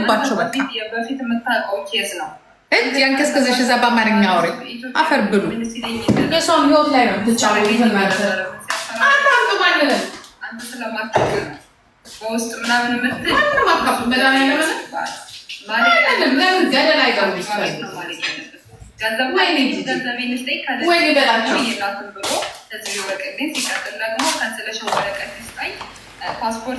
ይልባቸው። በቃ እጅ ያንከስከዘሽ እዛ በአማርኛ አውሪ፣ አፈር ብሉ። የሰውን ህይወት ላይ ነው ትቻለ ፓስፖርት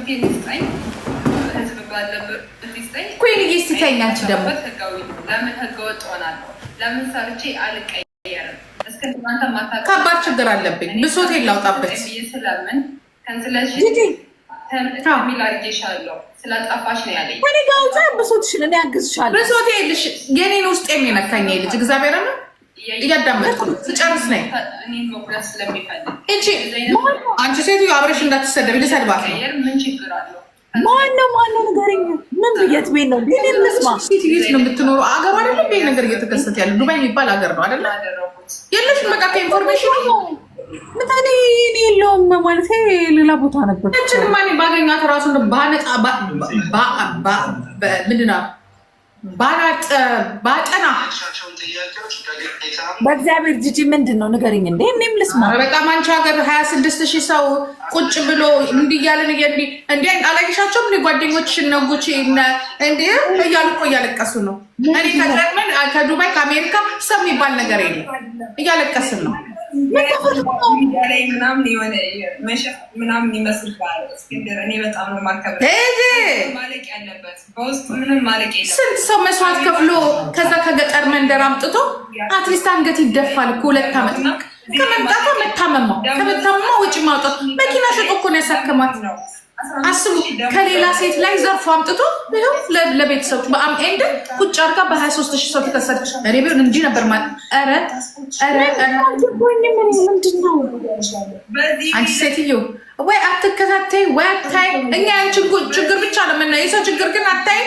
ከባድ ችግር አለብኝ። ብሶት የላውጣበት ስለምን ብሶትሽን እኔ አግዝሻለሁ። ብሶቴ የለሽ የኔን ውስጥ የሚነካኝ ልጅ እግዚአብሔር ነው። እያዳመጥኩ ስጨርስ ነኝ። አንቺ ሴትዮ አብረሽ እንዳትሰደብ ልሰድባት ነው። ማነው ማነው ንገረኝ። ምን የት ቤት ነው ነው የምትኖረው? አገር አይደለም ይሄ ነገር እየተከሰተ ያለ ዱባይ የሚባል አገር ነው አይደለ? የለሽም በቃ ከኢንፎርሜሽን ምታኔ እኔ የለውም ማለት ሌላ ቦታ ነበር። ባገኛት ራሱ ምንድን ነው ባጠና በእግዚአብሔር ጂጂ ምንድን ነው እኔም ልስማ በጣም አንቺ ሀገር ሀያ ስድስት ሺህ ሰው ቁጭ ብሎ እንዲህ እያለን አላየሻቸውም? ጓደኞችሽን ነው ጉቺ እያሉ እኮ እያለቀሱ ነው። እኔ ከጀርመን ከዱባይ ከአሜሪካ ሰው የሚባል ነገር የለም፣ እያለቀስን ነው ላይ ምናምን ስንት ሰው መስዋዕት ከፍሎ ከዛ ከገጠር መንደር አምጥቶ አትሊስት አንገት ይደፋል እኮ ሁለት ዓመት ከመምጣቷ መታመማ ከመታመማ ውጭ ማውጣት መኪና ሸጦ እኮ ነው ያሳከማት ነው አስቡ ከሌላ ሴት ላይ ዘርፎ አምጥቶ ይኸው ለቤተሰቦች በአም ኤንድ ቁጭ አርጋ በ23 ሺህ ሰው ተከሰች። እኔ ቢሆን እንዲህ ነበር ማለት ኧረ አንቺ ሴትዮ ወይ አትከታተይ ወይ አታይ። እኛ ያን ችግር ብቻ ለምና የሰው ችግር ግን አታይ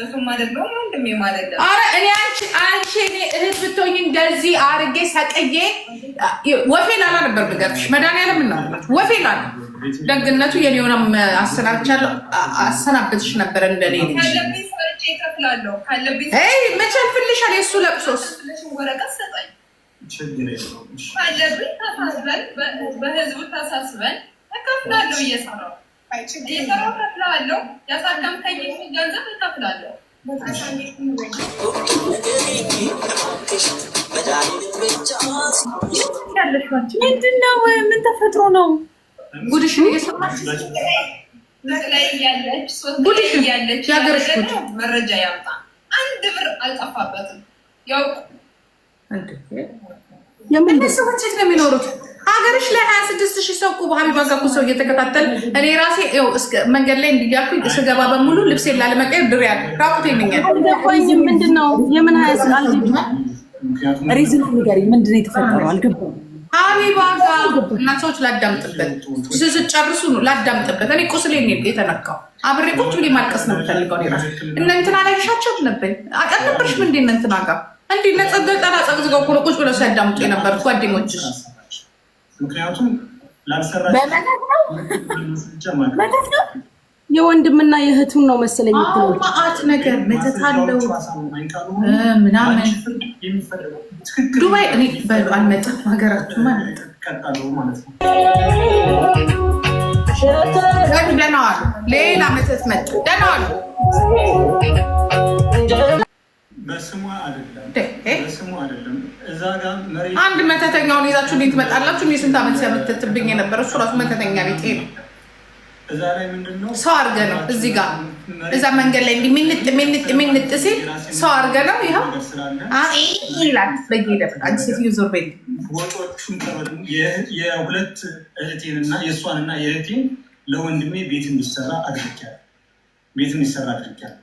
ኧረ እኔ አንቺ አንቺ እኔ እህት ብትሆኝ እንደዚህ አርጌ ሰቅዬ ወፌ ላላ ነበር ብገርሽ መድኃኒዓለም እናላት ወፌ ላላ ደግነቱ የኔሆነም አሰናብቻለሁ አሰናብትሽ ነበር። እንደኔ መቼ አልፍልሻል። የእሱ ለቅሶስ ካለብኝ ተሳስበን በህዝቡ ተሳስበን እከፍላለሁ እየሰራሁ የሰራው እከፍልሃለሁ፣ ያሳከምከኝ ገንዘብ ምንድን ነው? ምን ተፈጥሮ ነው? ጉድሽን እየሰማች ያለች ያገረሽ መረጃ ያምጣ። አንድ ብር አልጠፋበትም። ያው የምን ሰዎች ነው የሚኖሩት? ሀገርሽ ላይ ሀያ ስድስት ሺህ ሰው እኮ ሀቢባ ጋር ሰው እየተከታተል እኔ ራሴ መንገድ ላይ እንዲያልኩኝ ስገባ በሙሉ ልብሴ ላለመቀየር ድሬ ያለ ራቁት ይመኛል። ምንድን ነው የምን ሀያ ስላል ሪዝን ንገሪኝ። ምንድን ነው የተፈጠረው? አልገባም። ሀቢባ ጋር እና ሰዎች ላዳምጥበት ስጨርሱ ነው ላዳምጥበት። እኔ ቁስሌ የተነካው አብሬ ቁጭ ብዬ ማልቀስ ነው የምፈልገው። እኔ ራሴ እነ እንትና ላይ ሻቸው ነበኝ አቀንብርሽ ምንድን ነው እንትና ጋር እንዲህ ነጸገጠና ጸግዝገው ቁጭ ብለው ሲያዳምጡ የነበሩት ጓደኞችሽ ምክንያቱም ላልሰራመተት ነው የወንድምና የእህቱን ነው መሰለኝ ማአት ነገር መተት አለው ምናምን ዱባይ እኔ በሉ አልመጣም ደህና ዋሉ ሌላ መተት መጡ ደህና ዋሉ በስሙ አይደለም በስሙ አይደለም። እዛ ጋር መሬት አንድ መተተኛውን ይዛችሁ እንዴት ትመጣላችሁ? ስንት ዓመት ሲያመተትብኝ የነበረ እሱ ራሱ መተተኛ ነው። እዛ ላይ ምንድን ነው ሰው አድርገ ነው እዚህ ጋር እዛ መንገድ ላይ እንዲህ ሚንጥ ሚንጥ ሚንጥ ሲል ሰው አድርገ ነው ይኸው ይላል። በጌደ ሴትዮ ዞር ቤት ወጦቹን የሁለት እህቴንና የእሷንና የእህቴን ለወንድሜ ቤት እንዲሰራ አድርጊያለሁ። ቤት እንዲሰራ አድርጊያለሁ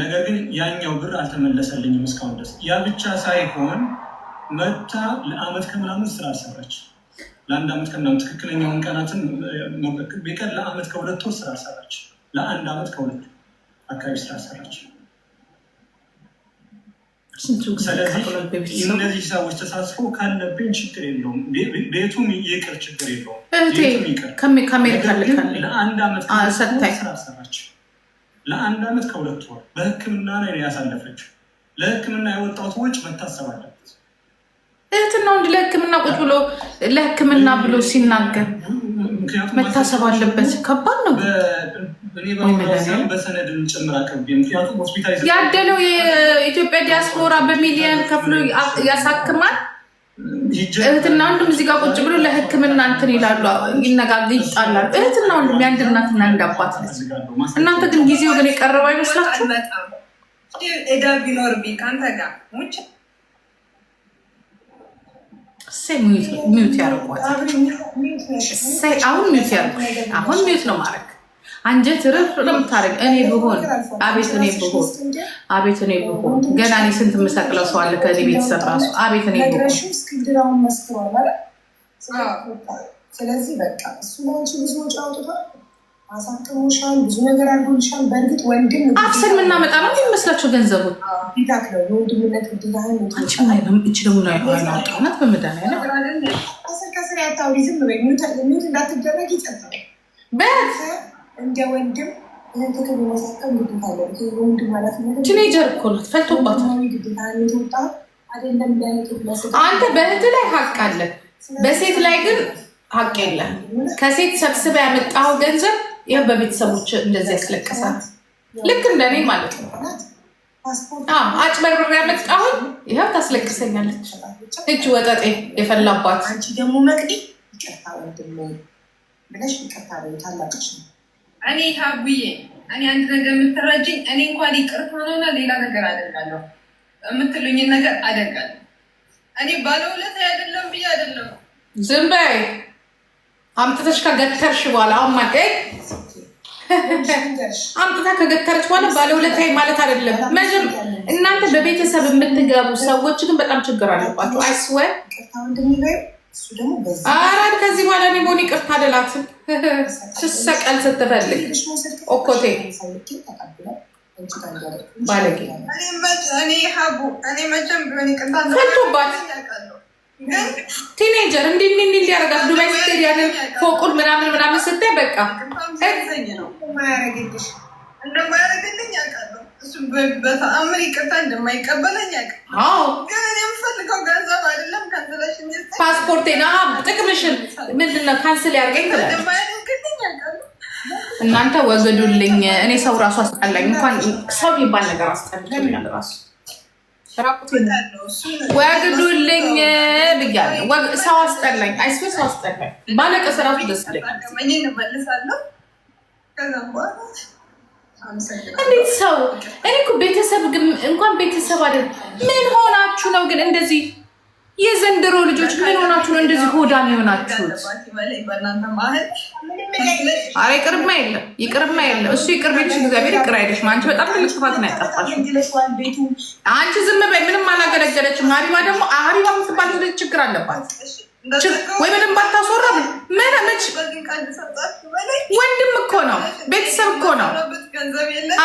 ነገር ግን ያኛው ብር አልተመለሰልኝም እስካሁን ድረስ። ያ ብቻ ሳይሆን መታ ለአመት ከምናምን ስራ ሰራች። ለአንድ አመት ከምናምን ትክክለኛውን ቀናትን ቢቀር ለአመት ከሁለት ወር ስራ ሰራች። ለአንድ አመት ከሁለት አካባቢ ስራ ሰራች። ስለዚህ እነዚህ ሰዎች ተሳስበው ካለብኝ ችግር የለውም፣ ቤቱም ይቅር ችግር የለውም። ቤቱም ይቅር ለአንድ አመት ስራ ሰራች። ለአንድ ዓመት ከሁለት ወር በህክምና ላይ ያሳለፈችው ለሕክምና የወጣው ሰዎች መታሰብ አለበት። እህትና ወንድ ለህክምና ቁጭ ብሎ ለህክምና ብሎ ሲናገር መታሰብ አለበት። ከባድ ነው። በሰነድን ጭምር አቅርቤ ምክንያቱም ያደለው የኢትዮጵያ ዲያስፖራ በሚሊየን ከፍሎ ያሳክማል። እህትና ወንድም እዚህ ጋር ቁጭ ብሎ ለሕክምና እንትን ይላሉ፣ ይነጋገ ይጣላሉ። እህትና ወንድም የአንድ እናትና አንድ አባት ነች። እናንተ ግን ጊዜው ግን የቀረበ አይመስላችሁ? እዳ ቢኖር ከአንተ ጋር ሚዩት ያደርጓት። አሁን ሚዩት ያደርጉ አሁን ሚዩት ነው ማድረግ አንጀት ርፍ ለምታደርግ እኔ ብሆን አቤት እኔ ብሆን አቤት እኔ ብሆን ገና እኔ ስንት የምሰቅለው ሰው አለ ከዚህ ቤተሰብ ራሱ አቤት እኔ ብሆን። ስለዚህ በቃ እሱ ለአንቺ ብዙ ወጪ አውጥቷል፣ አሳክሞሻል፣ ብዙ ነገር አድርጎልሻል። በእርግጥ ወንድም አፍስን የምናመጣ ነው የሚመስላቸው ገንዘቡ የወንድምነት እች ደግሞ ናይሆናጣናት በመዳን ያለ ከስር ከስር ያታውሪ እንዳትደረግ ይጸጥል በት እንደ ወንድም እህትህን የማሳከም ግዴታ አለ። ወንድም ኃላፊነት ቲኔጀር እኮ ናት፣ ፈልቶባታል። አንተ በእህትህ ላይ ሀቅ አለ፣ በሴት ላይ ግን ሀቅ የለም። ከሴት ሰብስበ ያመጣው ገንዘብ ይህ በቤተሰቦች እንደዚህ ያስለቀሳት፣ ልክ እንደኔ ማለት ነው። አጭበርብር ያመጣሁን ይኸው ታስለቅሰኛለች። እጅ ወጠጤ የፈላባት አንቺ ደግሞ መቅዲ ይቅርታ ወንድሜ ብለሽ ይቅርታ ታላቅች ነው እኔ ሀቡዬ እኔ አንድ ነገር የምትረጅኝ እኔ እንኳን ይቅርታ ነውና ሌላ ነገር አደርጋለሁ የምትሉኝን ነገር አደርጋለሁ። እኔ ባለውለታ አይደለም ብዬ አይደለም። ዝም በይ አምጥተሽ ከገተርሽ በኋላ አማቀይ አምጥታ ከገተረች በኋላ ባለውለታ ማለት አይደለም። መጀም እናንተ በቤተሰብ የምትገቡ ሰዎች ግን በጣም ችግር አለባቸው አይስወ አራት ከዚህ በኋላ ሊሆን ይቅርታ አደላትም ስሰቀል ስትፈልግ ኦኮቴ ባለጌ ፈልቶባት ቲኔጀር እንዲ እንዲ እንዲያደርጋት ዱባይ ስትሄድ ያንን ፎቁን ምናምን ምናምን ስታይ በቃ እንደማያደርግልኝ አውቃለሁ። እሱ በተአምር ይቅርታ እንደማይቀበለኝ አውቃለሁ። ግን እኔ የምፈልገው ገንዘብ አይደለም ፓስፖርቴን ጥቅምሽን ምንድን ነው ካንስል ያርገኝ ትላለች። እናንተ ወገዱልኝ። እኔ ሰው ራሱ አስጠላኝ። እንኳን ሰው የሚባል ነገር አስጠላኝ ራሱ ብያለሁ። ሰው አስጠላኝ። አይስ ሰው አስጠላኝ። ባለቀስ ራሱ ደስ እንዴት ሰው እኔ እኮ ቤተሰብ እንኳን ቤተሰብ አይደል ምን ሆናችሁ ነው ግን እንደዚህ የዘንድሮ ልጆች ምን ሆናችሁ ነው እንደዚህ ሆዳም የሆናችሁት? አረ ይቅርማ የለም ይቅርማ የለም እሱ ይቅርብ ቤትሽ እግዚአብሔር ይቅር አይልሽም። አንቺ በጣም ትልቅ ጥፋት ነው ያጠፋሽ። አንቺ ዝም በይ፣ ምንም አላገለገለችም። ሀቢባ ደግሞ ሀቢባ የምትባል ልጅ ችግር አለባት ወይ በደንብ አታስወራም። መች ወንድም እኮ ነው ቤተሰብ እኮ ነው።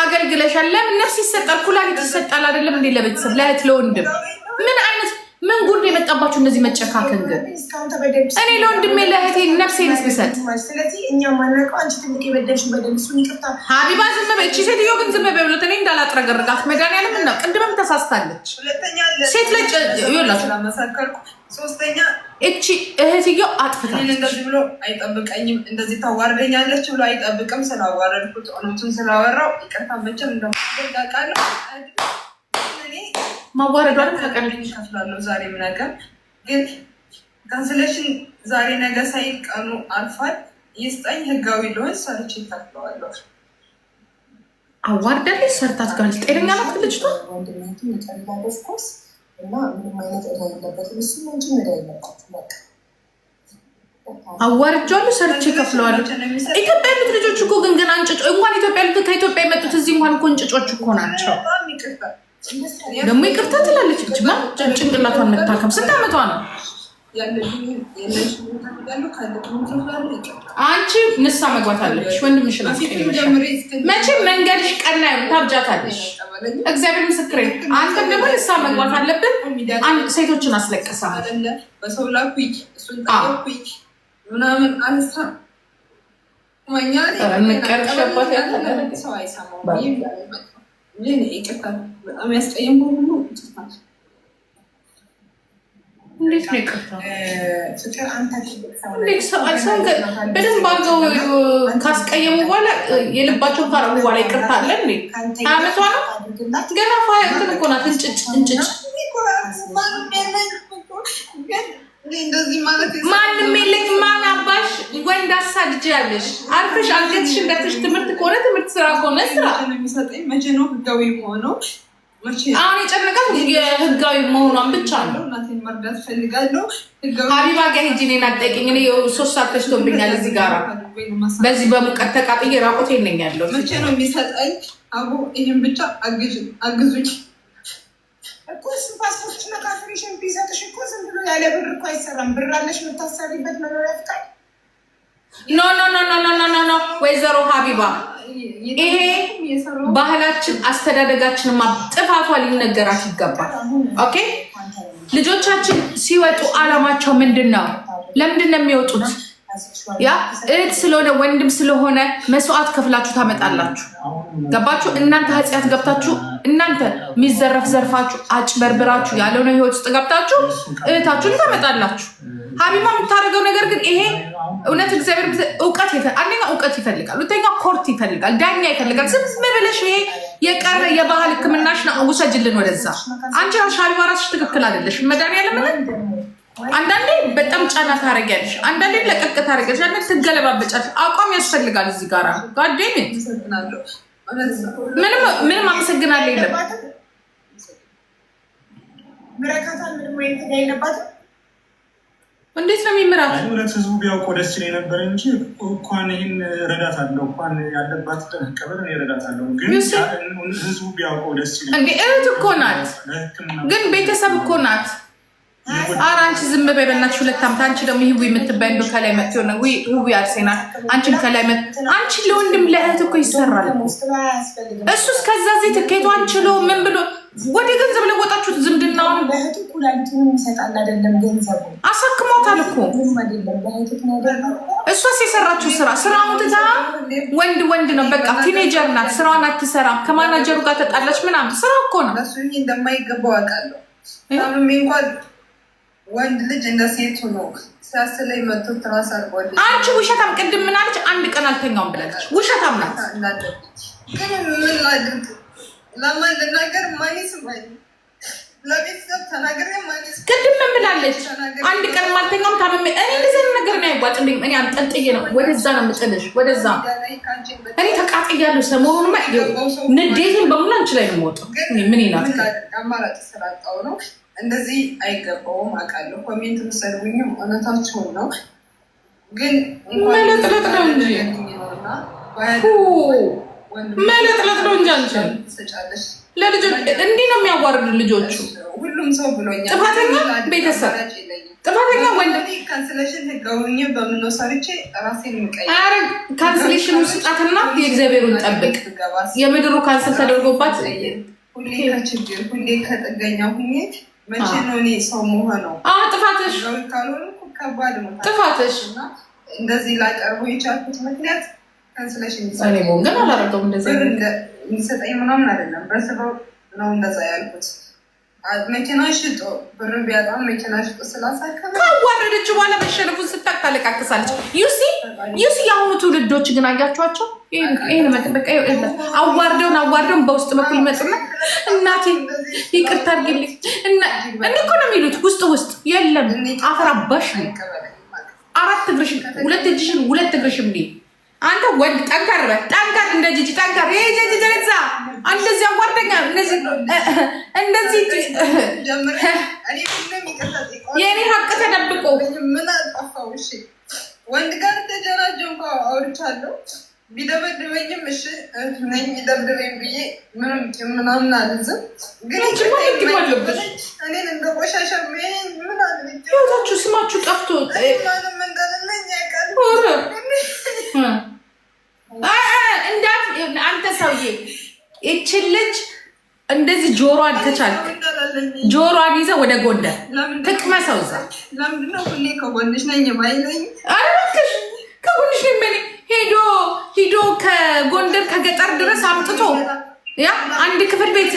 አገልግለሻል። ለምን ነፍስ ይሰጣል ኩላሊት ይሰጣል አይደለም እንዴ? ለቤተሰብ ለእህት ለወንድም ምን አይነት ምን ጉድ የመጣባችሁ እንደዚህ መጨካከን? ግን እኔ ለወንድሜ ለእህቴ ነፍሴን ሰጥ ሀቢባ ዝም በይ። እቺ ሴትዮ ግን ዝም በይ ብሎት እኔ እንዳላጥረገርጋት መድኃኒዓለም እና ቅድምም ተሳስታለች። ሴት ልጅ እቺ እህትዮ አጥፍታለች። እንደዚህ ብሎ አይጠብቀኝም፣ እንደዚህ ታዋርደኛለች ብሎ አይጠብቅም። ስላዋረድኩት እውነቱን ስላወራው ይቅርታ መቼም ማዋረዷን ከቀልድ ይሻፍላለሁ። ዛሬም ነገር ግን ካንስሌሽን ዛሬ ነገ ሳይል ቀኑ አልፏል። ይስጠኝ ህጋዊ ልሆን ሰርቼ ታፍለዋለሁ። አዋርዳለች፣ ሰርታት ጋር ጤነኛ ናት ልጅቷ እና ምንም አይነት እዳ የለበትም። እሱ ምንጭም እዳ የለባትም። በቃ አዋርጃለሁ፣ ሰርች ከፍለዋለሁ። ኢትዮጵያ ያሉት ልጆች እኮ ግን ግን አንጭጮ እንኳን ኢትዮጵያ ያሉት ከኢትዮጵያ የመጡት እዚህ እንኳን እኮ እንጭጮች እኮ ናቸው። ደግሞ ይቅርታ ትላለች። ብችማ ጭንቅላቷን መታከም ስንት ዓመቷ ነው? አንቺ ንሳ መግባት አለች። ወንድምሽን መቼም መንገድሽ ቀና ታብጃታለሽ። እግዚአብሔር ምስክሬ። አንተም ደግሞ ንሳ መግባት አለብን። ሴቶችን አስለቀሳ። ምናምን በጣም ያስቀየም በሁሉ እንዴት ነው የቀረው? በደንብ አድርገው ካስቀየሙ በኋላ የልባቸውን ካረጉ በኋላ ይቅርታ አለ እንዴ? አመቷ ነው ገና ፋ እንትን እኮ ናት። እንጭጭ እንጭጭ ማንም የለኝ ማን አባሽ ወንድ አሳድጅ ያለሽ አርፈሽ አንገትሽ እንደትሽ ትምህርት ከሆነ ትምህርት፣ ስራ ከሆነ ስራ የሚሰጠኝ መቼ ነው ህጋዊ ሆነው አሁን የጨነቀት ህጋዊ መሆኗን ብቻ ነው። መርዳት ፈልጋለሁ። ሀቢባ ጋር ሂጂ እኔን አትጠይቂኝ። እኔ ሶስት ሰዓት ተሽቶብኛል። እዚህ ጋር በዚህ በሙቀት ተቃጥዬ ራቆት ይነኛለሁ። መቼ ነው የሚሰጠኝ? ይህን ብቻ አግዙኝ እኮ ካፍሬሽን ቢሰጥሽ እኮ ዝም ብሎ ያለ ብር እኮ አይሰራም። ብር አለሽ የምታሰሪበት መኖሪያ ፍቃድ። ኖ ኖ ኖ ኖ ኖ ኖ ወይዘሮ ሀቢባ ይሄ ባህላችን፣ አስተዳደጋችን ጥፋቷ ሊነገራት ይገባል። ኦኬ ልጆቻችን ሲወጡ አላማቸው ምንድን ነው? ለምንድን ነው የሚወጡት? ያ እህት ስለሆነ ወንድም ስለሆነ መስዋዕት ከፍላችሁ ታመጣላችሁ። ገባችሁ? እናንተ ኃጢአት ገብታችሁ እናንተ የሚዘረፍ ዘርፋችሁ አጭበርብራችሁ ያለሆነ ህይወት ውስጥ ገብታችሁ እህታችሁን ታመጣላችሁ። ሀቢማ የምታደርገው ነገር ግን ይሄ እውነት እግዚአብሔር እውቀት አንደኛ እውቀት ይፈልጋል፣ ሁለተኛ ኮርት ይፈልጋል፣ ዳኛ ይፈልጋል። ዝም ብለሽ ይሄ የቀረ የባህል ሕክምናሽ ውሰጅልን ወደዛ። አንቺ ራስሽ ሀቢባ ራስሽ ትክክል አይደለሽ። መድኃኒዓለምን አንዳንዴ በጣም ጫና ታደርጊያለሽ፣ አንዳንዴ ለቀቅ ታደርጊያለሽ፣ አንዳንዴ ትገለባበጫለሽ። አቋም ያስፈልጋል እዚህ ጋራ ጋዴሜ ምንም አመሰግናለሁ የለም እንዴት ነው የሚምራት? ሁለት ህዝቡ ቢያውቅ ደስ ይለኝ ነበር እንጂ እንኳን ይህን ረዳት አለው እንኳን ያለባት ቀበል ረዳት አለው። ግን ህዝቡ ቢያውቅ ደስ ይለኝ። እህት እኮ ናት፣ ግን ቤተሰብ እኮ ናት። ኧረ አንቺ ዝም በይ በእናትሽ። ሁለት ዓመት አንቺ ደግሞ ይህ የምትባይ እንዶ ከላይ መት ሆነ ዊ አርሴናል አንቺን ከላይ መት አንቺ ለወንድም ለእህት እኮ ይሰራል። እሱ እስከዛ ዜ ትኬቷን ችሎ ምን ብሎ ወደ ገንዘብ ለወጣችሁት ዝምድናውን ለእህቱ ኩላሊቱን ይሰጣል። አይደለም ገንዘቡ አሳክሞታል እኮ እሷስ የሰራችው ስራ ስራውን ትታ ወንድ ወንድ ነው በቃ ቲኔጀር ናት። ስራዋን አትሰራም። ከማናጀሩ ጋር ተጣላች ምናምን ስራ እኮ ነው። እሱ እንደማይገባው አውቃለሁ። ምንም እንኳን ወንድ ልጅ እንደ ሴቱ ነው ሲያስለኝ መቶ ትራስ አርጓል። አንቺ ውሸታም፣ ቅድም ምናለች? አንድ ቀን አልተኛውም ብላለች። ውሸታም ናት። ምን ላድርግ ለማን ልናገር ማይስ ማይ ለቤተሰብ ተናገር ማይስ ቅድም ምላለች አንድ ቀን ማልተኛም ታመሜ እኔ እንደዚህ ነገር ነው ያጓጥልኝ። እኔ አንጠልጥዬ ነው ወደዛ ነው የምጥልሽ፣ ወደዛ እኔ ተቃጥያለሁ። ሰሞኑን ንዴትን በሙሉ አንቺ ላይ ነው የምወጣው። ምን ይላል አማራጭ ስላጣው ነው እንደዚህ አይገባውም። አውቃለሁ ኮሜንት ምሰድቡኝም እውነታችሁን ነው፣ ግን መለጥለጥ ነው እንጂ መለጥለት ነው እንጂ ለልጆች እንዲህ ነው የሚያዋርዱ ልጆቹ። ሁሉም ሰው ብሎኛል። ጥፋተኛ ቤተሰብ፣ ጥፋተኛ ወንድ። ካንስሌሽን ስጣትና የእግዚአብሔሩን ጠብቅ። የምድሩ ካንስል ተደርጎባት ከችግር ሁሌ ከጥገኛ ሰው ጥፋትሽ ጥፋትሽ እንደዚህ ላቀርቡ የቻልኩት ምክንያት ግን አላደረገውም እንደዚህ የሚሰጠኝ ምናምን አይደለም። በስራው ነው እንደዛ ያልኩት። መኪና ሽጦ ብር ቢያጣ መኪና ሽጦ ስላሳከበ ካዋረደችው በኋላ መሸነፉን ስታቅ ታለቃቅሳለች። ዩሲ ዩሲ የአሁኑ ትውልዶች ግን አያችኋቸው። ይህን መጠበቃ አዋርደውን አዋርደውን በውስጥ በኩል ይመጽና እናቴ ይቅርታ አድርግልኝ እኔ እኮ ነው የሚሉት ውስጥ ውስጥ የለም አፈር አባሽ አራት እግርሽን ሁለት እጅሽን ሁለት እግርሽን አንተ ወንድ ጠንከር በል ጠንከር፣ እንደ ጂጂ ጠንከር። ይሄ ጂጂ ደረዛ እንደዚህ አዋርደኛ እንደዚህ እንደዚህ የኔ ሀቅ ተደብቆ ምን እሺ ወንድ ጋር ተጀራጀ እንኳ አውርቻለሁ። ቢደበድበኝም እሺ ነኝ ይደብድበኝ ብዬ ምንም ምናምን አልዝም። ግን እኔን እንደ ቆሻሻ ምን ስማችሁ ጠፍቶ ማንም እንዳለለኝ ያውቃል። እንዳት አንተ ሰውዬ ይችን ልጅ እንደዚህ ጆሮዋን ተቻልክ፣ ጆሮዋን ይዘህ ወደ ጎንደር ትቅመ ከጎንሽ ሄዶ ሂዶ ከጎንደር ከገጠር ድረስ አምጥቶ ያ አንድ ክፍል ቤት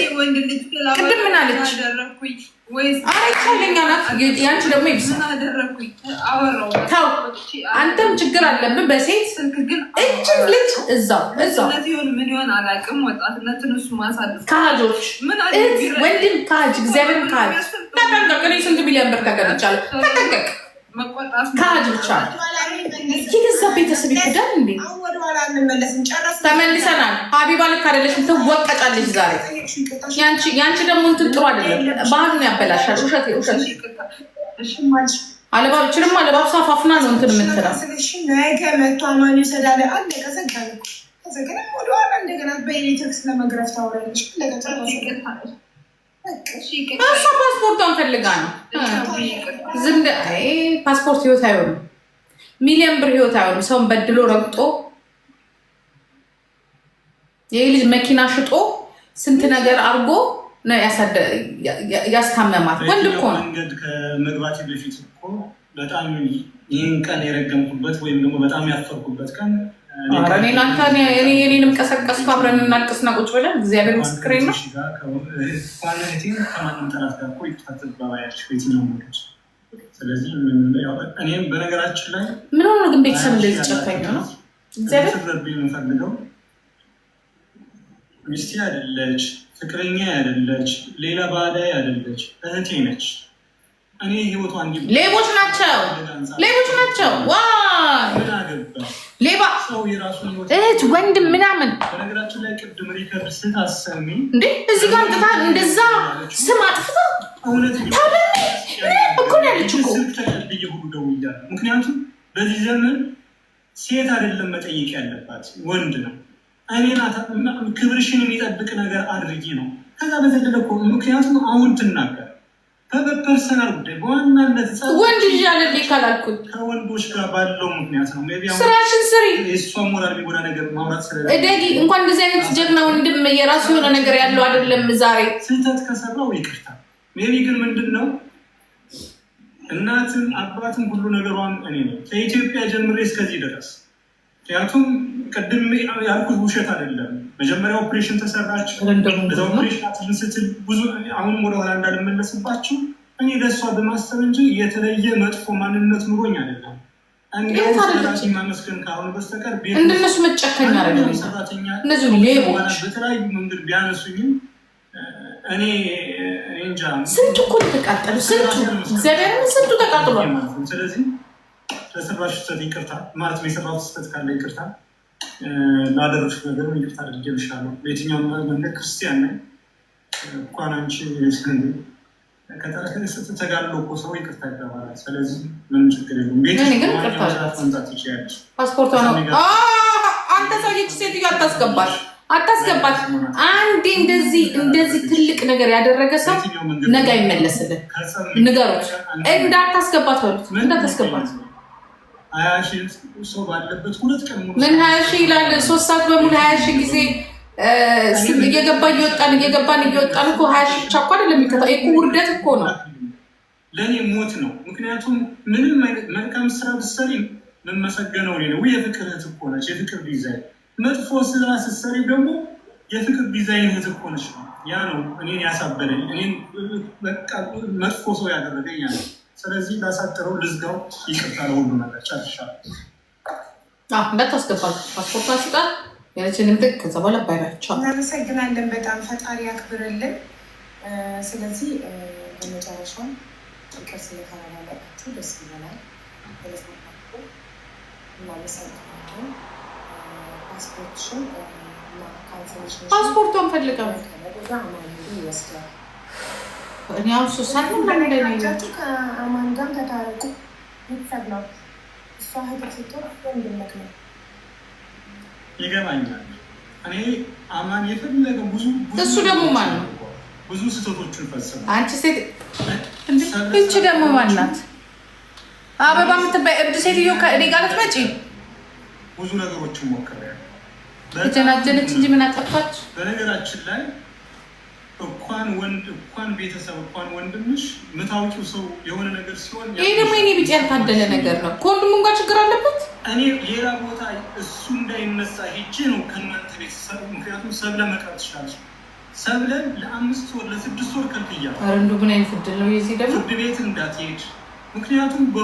ቅድም ምን አለች? ያንቺ ደግሞ ይብሳል። አንተም ችግር አለብን በሴት እጅ ልጅ እዛው እዛው ወንድም ካጅ እግዚአብሔር ካጅ ተጠንቀቅ። ስንት ሚሊዮን ብር ተገለቻለ። ተጠንቀቅ ካጅ ብቻ የገዛ ቤተሰብ ይሄዳል እንዴ? ተመልሰናል። ሀቢባ ልክ አይደለሽም፣ ትወቀጫለሽ ዛሬ። ያንቺ ደግሞ እንትን ጥሩ አይደለም፣ ባህሉን ያበላሻል። ውሸት ውሸት። ነው እንትን የምትለው ፓስፖርቷን ፈልጋ ነው። ዝም ፓስፖርት ህይወት አይሆንም። ሚሊዮን ብር ህይወት አይሆንም። ሰውን በድሎ ረግጦ ይህ ልጅ መኪና ሽጦ ስንት ነገር አድርጎ ነው ያስታመማት። ወንድ እኮ ነው። መንገድ ከመግባት በፊት እኮ በጣም ይህን ቀን የረገምኩበት ወይም ደግሞ በጣም ያፈርኩበት ቀን እኔንም ቀሰቀስኩ። አብረን እናልቅስና ቁጭ ብለን እግዚአብሔር ምስክሬ ነው። ከማንም ጠላት ጋር እኮ ይታተባባያቸው የትኛው መንገድ ስለዚህ እኔም በነገራችን ላይ ምን ሆነ ግን ቤተሰብ እንደዚህ ጨካኝ ነው። እግዚአብሔር የምፈልገው ሚስቴ አይደለች፣ ፍቅረኛ አይደለች፣ ሌላ ባዳይ አይደለች፣ እህቴ ነች። እኔ ህይወቷ እንዲ ሌቦች ናቸው፣ ሌቦች ናቸው። ሌባ እህት፣ ወንድም ምናምን። በነገራችን ላይ ቅድም ሪከርድ ስታሰሚ እንዴ እዚህ ጋር እንደዛ ስም አጥፍታ እኮ ነው ምክንያቱም በዚህ ዘመን ሴት አይደለም መጠየቅ ያለባት ወንድ ነው። እኔና ክብርሽን የሚጠብቅ ነገር አድርጊ ነው። ከዛ በዘለለ እኮ ምክንያቱም አሁን ትናገር በፐርሰናል ጉዳይ በዋናነት ወንድ ልጅ አለልኝ ካላልኩኝ ከወንዶች ጋር ባለው ምክንያት ነው። ስራሽን ስሪ። የእሷ ሞራል የሚጎዳ ነገር ማውራት ስለ እንኳን እንደዚህ አይነት ጀግና ወንድም የራሱ የሆነ ነገር ያለው አይደለም። ዛሬ ስህተት ከሰራው ይቅርታል ሜቢ ግን ምንድን ነው እናትን አባትን ሁሉ ነገሯን እኔ ነው ከኢትዮጵያ ጀምሬ እስከዚህ ድረስ ምክንያቱም ቅድም ያልኩት ውሸት አይደለም። መጀመሪያ ኦፕሬሽን ተሰራች። በዛ ኦፕሬሽን ስትል ብዙ አሁንም ወደኋላ እንዳልመለስባችሁ እኔ ለእሷ በማሰብ እንጂ የተለየ መጥፎ ማንነት ኑሮኝ አይደለም። እንዲሁምራሲ ማመስገን ካሁን በስተቀር እንደነሱ መጨከኛ ሰራተኛ በተለያዩ መንገድ ቢያነሱኝም እኔ ስንቱ እኮ ተቃጠሉ፣ ስንቱ እግዚአብሔርን ስንቱ ተቃጥሏል። ስለዚህ ለሰራሽ ስህተት ይቅርታ ማለት ነው። የሰራሁት ስህተት ካለ ይቅርታ፣ ላደረግሽ ነገር ይቅርታ አድርጌልሻለሁ። በየትኛው መንገድ ክርስቲያን ነኝ። እንኳን አንቺ ስትተጋሉ እኮ ሰው ይቅርታ ይገባላል። ስለዚህ ምንም ችግር የለም። ቤት መምጣት ይችላል። ፓስፖርቷ ነው አንተ ሰውየች ሴትዮዋ አታስገባል አታስገባት። አንዴ እንደዚህ እንደዚህ ትልቅ ነገር ያደረገ ሰው ነገ አይመለስልን። ንገሮች እንዳታስገባት በሉት፣ እንዳታስገባት ምን ሀያ ሺህ ይላል። ሶስት ሰዓት በሙሉ ሀያ ሺህ ጊዜ እየገባ እየወጣን እየገባን እየወጣን እኮ ሀያ ሺህ ብቻ እኮ አይደለም የሚከታው እኮ ውርደት እኮ ነው። ለእኔ ሞት ነው። ምክንያቱም ምንም መልካም ስራ ብትሰሪ መመሰገነው ነው። የፍቅርህ እኮ ነች የፍቅር ዲዛይን መጥፎ ስራ ደግሞ የፍቅር ዲዛይን ህዝብ ሆነች ነው። ያ ነው እኔን ያሳበረኝ፣ እኔን በቃ መጥፎ ሰው ያደረገኝ ያ ነው። ስለዚህ ላሳጥረው፣ ልዝጋው፣ ይቅርታ ለሁሉ ነገር ጨርሻለሁ። እንዳታስገባል ፓስፖርታችሁ ጋር ያችን ልምድ ከዛ በኋላ ባይናቸው። እናመሰግናለን በጣም ፈጣሪ ያክብርልን። ስለዚህ በመጨረሻው ፍቅር ስለተመላለቃችሁ ደስ ይለናል። እናመሰግናለን። ፓስፖርቷን ፈልገው እኔ አሁን ሶሳ ከአማን ጋር ተታረቁ እሷ ስትሆን ወንድነት ነው ይገባኛል። እኔ አማን የፈለገ ብዙ እሱ ደግሞ ማን ነው ብዙ ስህተቶችን ፈጽመ አንቺ ሴት እንቺ ደግሞ ማን አበባ የምትባይ እብድ ሴትዮ ከእኔ ጋር መጪ ብዙ ነገሮችን ሞክሬያለሁ። ተጀናጀነች እንጂ ምን አጠፋች? በነገራችን ላይ እንኳን ወንድ እንኳን ቤተሰብ እንኳን ወንድምሽ የምታውቂው ሰው የሆነ ነገር ሲሆን ይሄ ደግሞ የኔ ቢጫ ያልታደለ ነገር ነው። ከወንድሙም ጋር ችግር አለበት። እኔ ሌላ ቦታ እሱ እንዳይነሳ ሄጄ ነው ከእናንተ ቤተሰብ ምክንያቱም ሰብለ መቅረት ትችላለች። ሰብለን ለአምስት ወር ለስድስት ወር ከልክያ። ኧረ ምን አይነት ዕድል ነው የዚህ ደግሞ ፍርድ ቤት እንዳትሄድ ምክንያቱም